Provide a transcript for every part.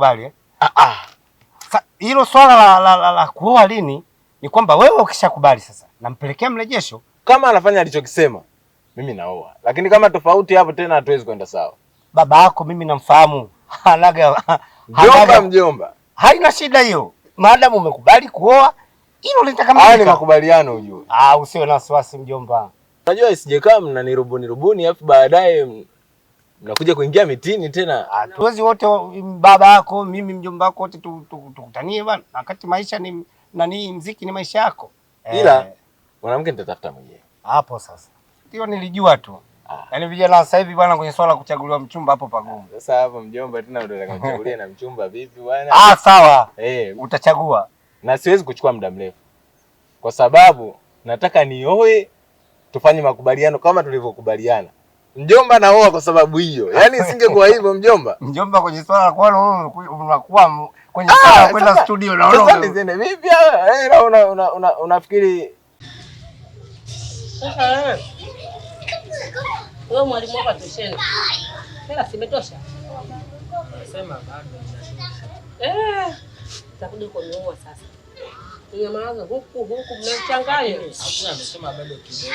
unakubali eh? Ah ah. Hilo swala la, la, la, la kuoa lini ni kwamba wewe ukishakubali sasa nampelekea mrejesho kama anafanya alichokisema mimi naoa, lakini kama tofauti hapo tena hatuwezi kwenda sawa. Baba yako mimi namfahamu, hanaga mjomba, mjomba, haina shida hiyo, maadamu umekubali kuoa, hilo litakamilika. Ni makubaliano ujue. Ah, usiwe na wasiwasi mjomba, unajua isijekaa mnanirubuni rubuni, afu baadaye Mnakuja kuingia mitini tena. Hatuwezi wote, baba yako mimi, mjomba wako, wote tukutanie bwana, wakati maisha ni nani, mziki ni maisha yako, eh. ila mwanamke nitatafuta mwenyewe hapo. Sasa ndio nilijua tu ah. yaani vijana sasa hivi bwana, kwenye swala kuchaguliwa mchumba hapo pagumu. Sasa hapo mjomba tena ndio atakachagulia na mchumba vipi bwana? Ah, sawa eh Utachagua na siwezi kuchukua muda mrefu, kwa sababu nataka nioe, tufanye makubaliano kama tulivyokubaliana Mjomba naoa kwa sababu hiyo. Yaani isingekuwa hivyo mjomba. Mjomba kwenye swala la kwalo unakuwa kwenye ah, swala kwenda studio na unaona. Sasa nizene vipi eh, una una unafikiri sasa wewe. Wewe mwalimu Hela simetosha. Sema bado. Eh. Takuja kunioa sasa. Nyamaza huku huku mnachanganya. Hakuna amesema bado kidogo.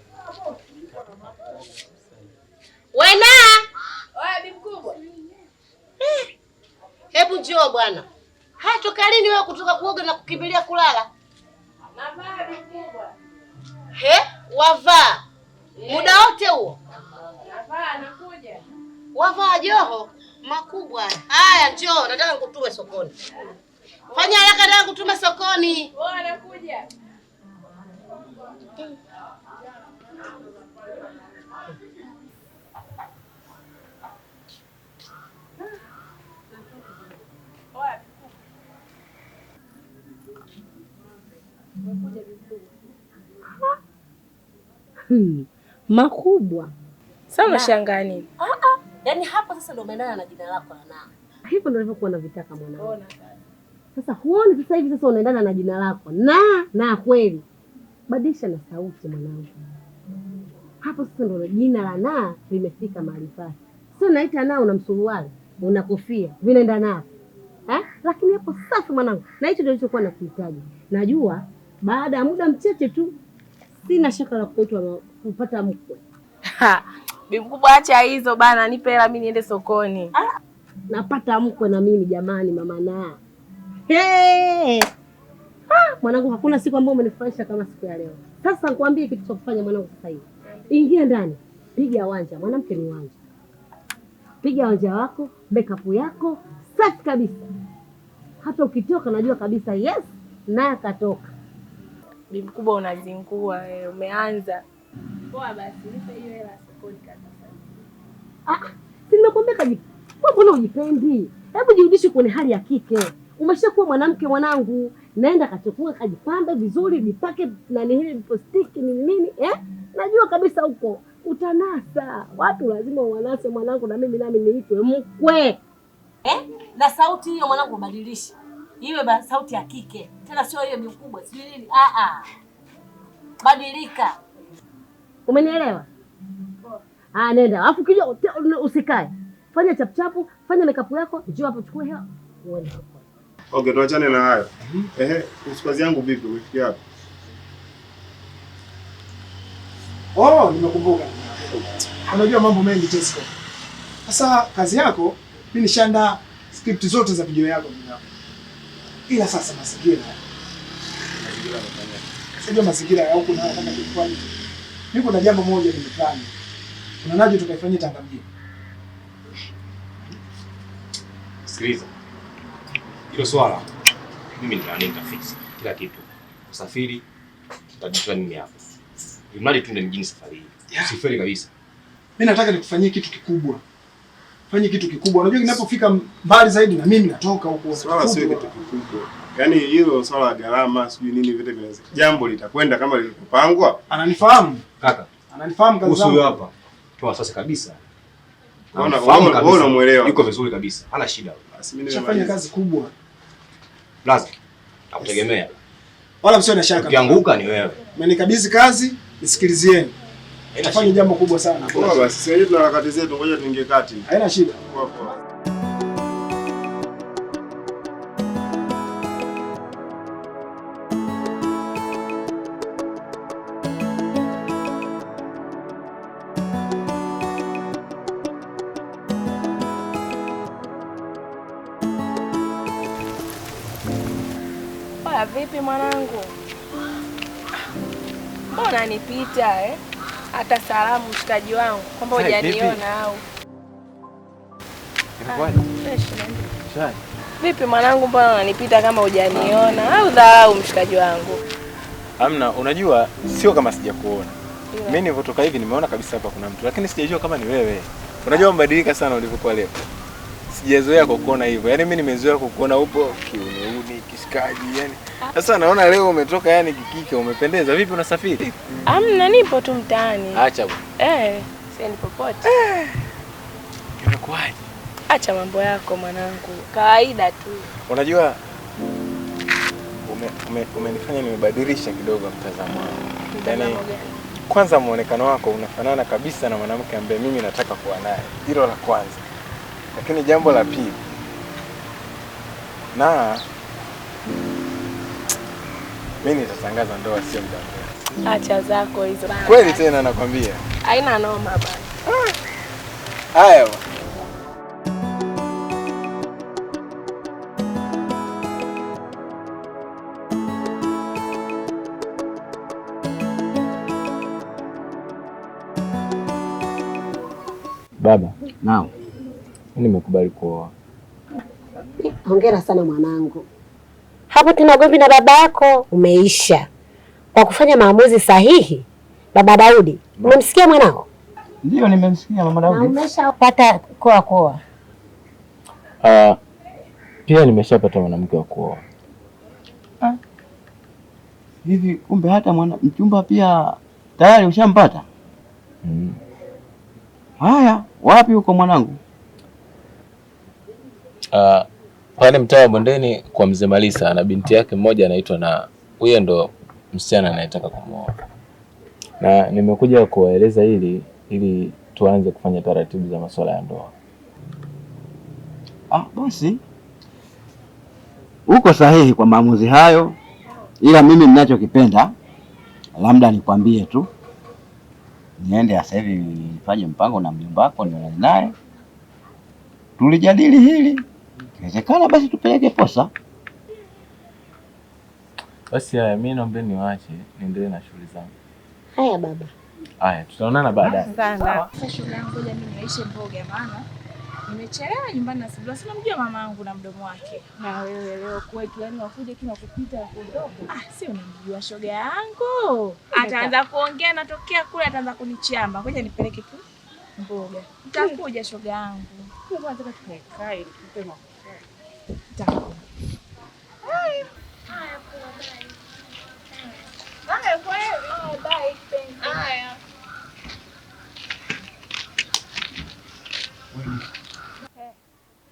Wena, bibi eh. hebu njoo bwana. Haya, toka lini wewe kutoka kuoga na kukimbilia kulala? bibi He, wavaa eh. muda wote huo? wava nakuja. Wavaa joho makubwa haya. Njoo, nataka nikutume sokoni. Fanya haraka, nataka nikutume sokoni. Wewe anakuja. Hmm. hmm. makubwa sasa unashangaa nini? Ah ah. Yaani hapo sasa ndio umeendana na jina lako na nani? Hivyo ndio nilivyokuwa navitaka mwanangu. Sasa huoni sasa hivi sasa unaendana na jina lako na na kweli. Badilisha na sauti mwanangu. Hapo sasa ndio jina la na limefika mahali pake. Sio naita na una msuruali, una kofia, vinaenda nao. Eh? Lakini hapo safi mwanangu. Na hicho ndio nilichokuwa nakuhitaji. Najua baada ya muda mchache tu, sina shaka la kuitwa kupata mkwe. Bi mkubwa, acha hizo bana, nipe hela mimi niende sokoni. Ah, napata mkwe na mimi jamani, mama na mwanangu, hakuna siku ambayo umenifurahisha kama siku ya leo. Sasa nikwambie kitu cha kufanya mwanangu, sasa hivi ingia ndani, piga wanja, mwanamke ni wanja, piga wanja wako, makeup yako safi kabisa, hata ukitoka najua kabisa yes naye akatoka bibi kubwa, unazingua eh, umeanza. Poa basi, nipe hiyo hela sokoni Ah, nimekuambia kaji, mbona ujipendi? Hebu jirudishe kwenye hali ya kike. Umeshakuwa mwanamke mwanangu, naenda kachukua kajipambe vizuri, vipake na nini, lipostiki nini nini, eh? Najua kabisa huko utanasa, watu lazima wanase mwanangu, na mimi nami niitwe mkwe eh? Na sauti hiyo mwanangu, ubadilishe iwe ba sauti ya kike tena, sio hiyo mikubwa sijui nini. Ah, ah, Badilika, umenielewa? Ah, nenda alafu kija, usikae, fanya chapuchapu, fanya makeup yako, njoo hapo, chukua hewa uende. Okay, tuachane na hayo. Ehe, usikazi yangu vipi? Umefikia hapo? Oh, nimekumbuka. Unajua mambo mengi Tesco. Sasa kazi yako, mimi nishaandaa script zote za video yako binafsi ila sasa mazingira sijua mazingira ya huku na kama kilikuwa hivi. Mimi kuna jambo moja nimeplani, unaonaje tukaifanyia Tanga mjini? Sikiliza hilo swala, mimi ninaamini nitafix kila kitu. Usafiri tutajitua nini hapo, imradi tuende mjini safari hii, usifeli kabisa. Mimi nataka nikufanyie kitu kikubwa fanye kitu kikubwa. Unajua kinapofika mbali zaidi na mimi natoka huko. Swala sio kitu kikubwa. Yaani hilo swala la gharama sijui nini vile vile. Jambo litakwenda kama lilivyopangwa. Ananifahamu kaka. Ananifahamu kazi Huyu hapa. Toa sasa kabisa. Unaona wewe unamuelewa. Yuko vizuri kabisa. Hana shida. Basi mimi nimefanya kazi kubwa. Blaza. Nakutegemea. Wala msio na shaka. Ukianguka ni wewe. Mimi Umenikabidhi kazi, nisikilizieni. Tafanya jambo kubwa sana. Poa basi, sasa hivi tuna harakati zetu, ngoja tuingie kati. Haina shida. Poa poa. Vipi mwanangu, mbona nipita eh? hata salamu mshikaji wangu kwamba hujaniona au ah, vipi? Mwanangu, mbona unanipita kama hujaniona au dharau mshikaji wangu? Amna, unajua sio kama sijakuona mimi nilivyotoka hivi, nimeona kabisa hapa kuna mtu, lakini sijajua kama ni wewe. Unajua umebadilika sana ulivyokuwa leo, sijazoea kukuona hivyo. Yaani mimi nimezoea kukuona upo kiuno mshikaji yani. Sasa naona leo umetoka yani kikike, umependeza. Vipi, unasafiri? Amna, nipo tu mtaani. Acha bwana. Eh, ni popote. Eh. Imekuwaje? Acha mambo yako mwanangu, kawaida tu. Unajua umenifanya ume, ume nimebadilisha kidogo mtazamo wangu Yaani kwanza muonekano wako unafanana kabisa na mwanamke ambaye mimi nataka kuwa naye, hilo la kwanza. Lakini jambo la pili na mimi nitatangaza ndoa sio muda mrefu. Acha zako hizo. Kweli tena nakwambia. Haina noma bana. Haya. Baba, nao nimekubali kuoa. Hongera sana mwanangu hapo tena gomvi na baba yako umeisha. Kwa kufanya maamuzi sahihi, baba Daudi, umemsikia mwanao? Ndio, nimemsikia mama Daudi. Umeshapata koa koa? Uh, pia nimeshapata mwanamke wa kuoa. Ah. Hivi kumbe hata mwana mchumba pia tayari ushampata? Mm. Haya, wapi huko mwanangu? Uh, pale mtaa wa Bondeni kwa mzee Malisa na binti yake mmoja anaitwa na huyo ndo msichana anayetaka kumwoa, na nimekuja kuwaeleza hili ili tuanze kufanya taratibu za masuala ya ndoa. Ah, basi uko sahihi kwa maamuzi hayo, ila mimi ninachokipenda labda nikwambie tu niende sasa hivi nifanye mpango na mjomba wako, nionane naye tulijadili hili Ikiwezekana basi tupeleke posa. Basi haya, mimi naomba niwaache niendelee na shughuli zangu. Haya baba. Haya, tutaonana baadaye. Sasa shughuli yangu ngoja mimi niishe mboga maana nimechelewa nyumbani na Sibla. Sina mjua mamangu na mdomo wake. Na wewe leo kwetu yani wakuje kina kupita kuondoka. Ah, si unamjua shoga yangu. Ataanza kuongea na tokea kule ataanza kunichamba. Ngoja nipeleke tu mboga. Nitakuja shoga yangu. Kwa Ngoja tukae tukae tupe mboga.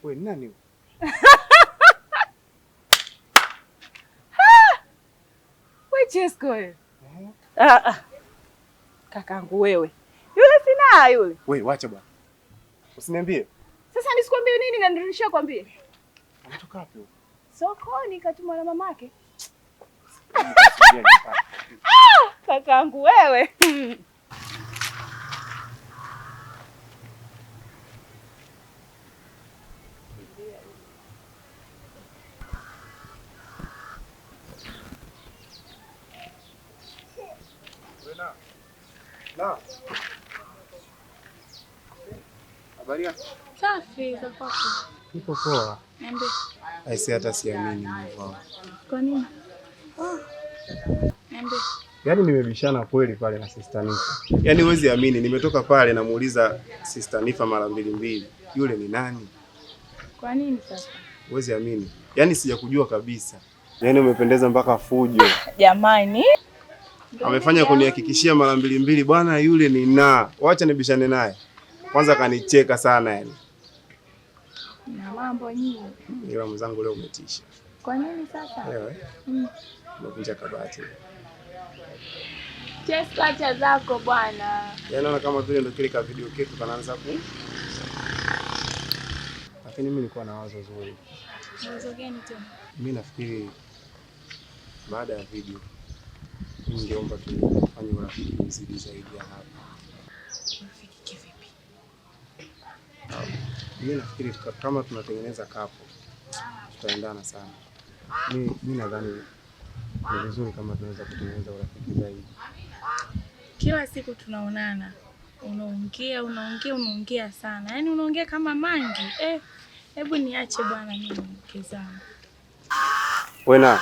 Wait, nani? We Chesko we. Ah, ah. Kakangu wewe. Yule sina yule. We, wacha bwana. Usiniambie. Sasa nisikwambie nini na nirudishie kwambie. Anatoka wapi huko? Sokoni katumwa na mamake. Ah, Kakangu wewe. Safi za kwako. Niko poa. Niambie. Aisee, hata siamini Mungu. Kwa nini? Yaani nimebishana kweli pale na Sister Nifa. Yaani huwezi amini, nimetoka pale namuuliza Sister Nifa mara mbili mbili, yule ni nani? Kwa nini sasa? Huwezi amini. Yaani sijakujua kabisa. Yaani umependeza mpaka fujo. Jamani. Amefanya kunihakikishia mara mbili mbili, bwana yule ni na. Wacha nibishane naye. Kwanza kanicheka sana yani na mambo nyingi. Ila mzangu leo umetisha. Kwa nini sasa? Leo umevunja eh? mm. kabati. Cheskacha zako bwana. Yaani naona kama vile ndio kile ka video kitu kanaanza ku. Mm. Lakini mimi nilikuwa na wazo zuri. Wazo gani tu? Mimi nafikiri baada ya video ningeomba tufanye urafiki mzidi zaidi ya hapa. Mimi nafikiri kama tunatengeneza kapo tutaendana sana. Mimi nadhani ni vizuri kama tunaweza kutengeneza urafiki zaidi. Kila siku tunaonana, unaongea unaongea unaongea sana, yaani unaongea kama mangi. Eh, hebu eh, niache bwana, mimi mke zangu wena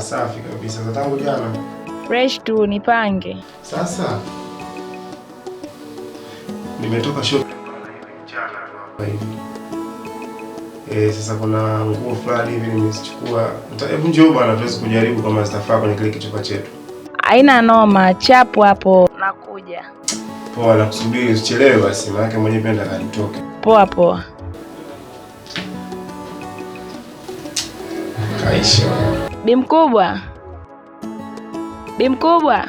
safi kabisa. Za tangu jana fresh tu, nipange sasa. Nimetoka shop Eh, sasa kuna nguo fulani hivi nimezichukua. Hebu njoo bwana, tuweze kujaribu kama zitafaa kwenye kile kichumba chetu. Haina noma, chapu hapo, nakuja. Poa, nakusubiri, usichelewe basi, maanake mwenyewe pia nataka nitoke. Poa poa. Kaisha. Bimkubwa, Bimkubwa,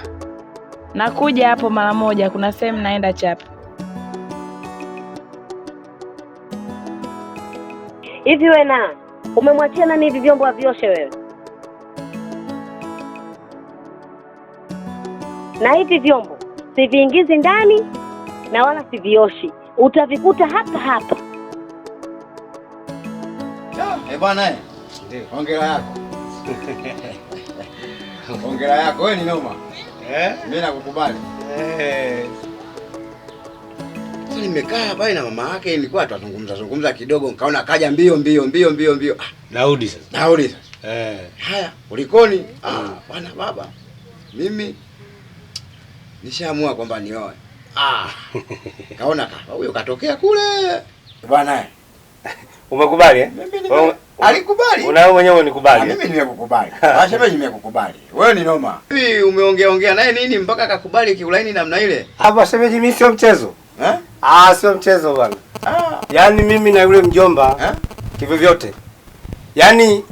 nakuja hapo mara moja, kuna sehemu naenda chapa. Hivi we na umemwachia nani hivi vyombo avyoshe wewe? Na hivi vyombo siviingizi ndani na wala sivioshi, utavikuta hapa hapa. Eh bwana, eh, hongera yako. Hongera yako wewe ni noma. Eh? Mimi nakukubali. Eh. Nimekaa bali na mama yake ilikuwa tutazungumza zungumza kidogo nikaona kaja mbio mbio mbio mbio mbio. Ah, Daudi sasa. Daudi sasa. Eh. Haya, ulikoni? Ah, bwana baba. Mimi nishaamua kwamba nioe. Ah. Kaona kaka huyo katokea kule. Bwana. Umekubali eh? Mimi Alikubali. Una wewe mwenyewe unikubali. Ah, mimi nimekukubali. Acha ah, mimi nimekukubali. Wewe ni noma. Hivi umeongea ongea naye nini mpaka akakubali kiulaini namna ile? Hapa shemeji mimi sio mchezo. Eh? Ah, sio mchezo bwana. Ah. Yaani mimi na yule mjomba eh? Kivyo vyote. Yaani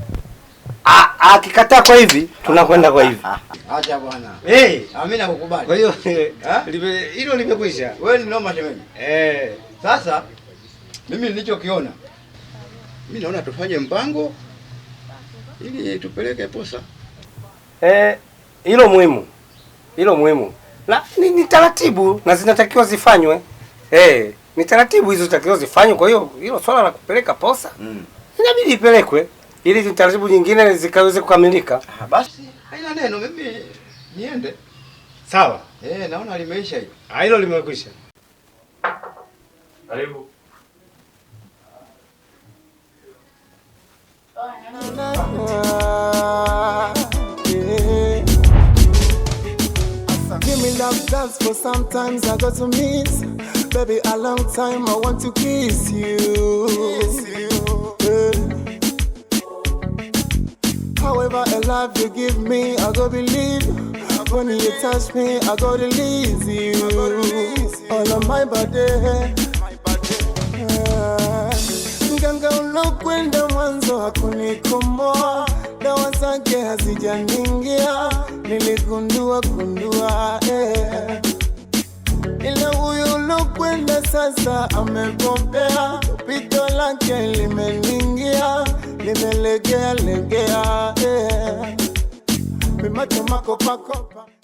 akikataa kwa hivi tunakwenda kwa hivi. Acha bwana. Eh, hey, ah, mimi nakukubali. Kwa hiyo eh? eh, lime hilo limekwisha. Wewe ni noma shemeji. Eh. Sasa mimi nilichokiona mi naona tufanye mpango ili tupeleke posa. Eh, hilo muhimu, hilo muhimu na ni, ni taratibu na zinatakiwa zifanywe eh, ni taratibu hizo zinatakiwa zifanywe. Kwa hiyo hilo swala la kupeleka posa mm. inabidi ipelekwe ili taratibu nyingine zikaweze kukamilika. Ah, basi haina neno, mimi niende. Sawa eh, naona limeisha hiyo. Ah, hilo limekwisha. Karibu. Give me love dance for sometimes I got to miss. Baby, a long time I want to kiss you. Kiss you. Yeah. However, a love you give me, I go believe. When you touch me, I go release you. All on my body. My body. Yeah. Mganga ulokwenda mwanzo hakunikomoa, dawa zake hazijaningia, niligundua gundua eh. Ila huyo ulokwenda sasa amebobea, pito lake limeningia, limelegea legea eh. Mimacho makopakopa